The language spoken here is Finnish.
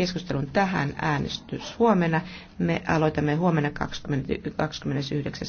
keskustelun tähän äänestys huomenna. Me aloitamme huomenna 20, 29.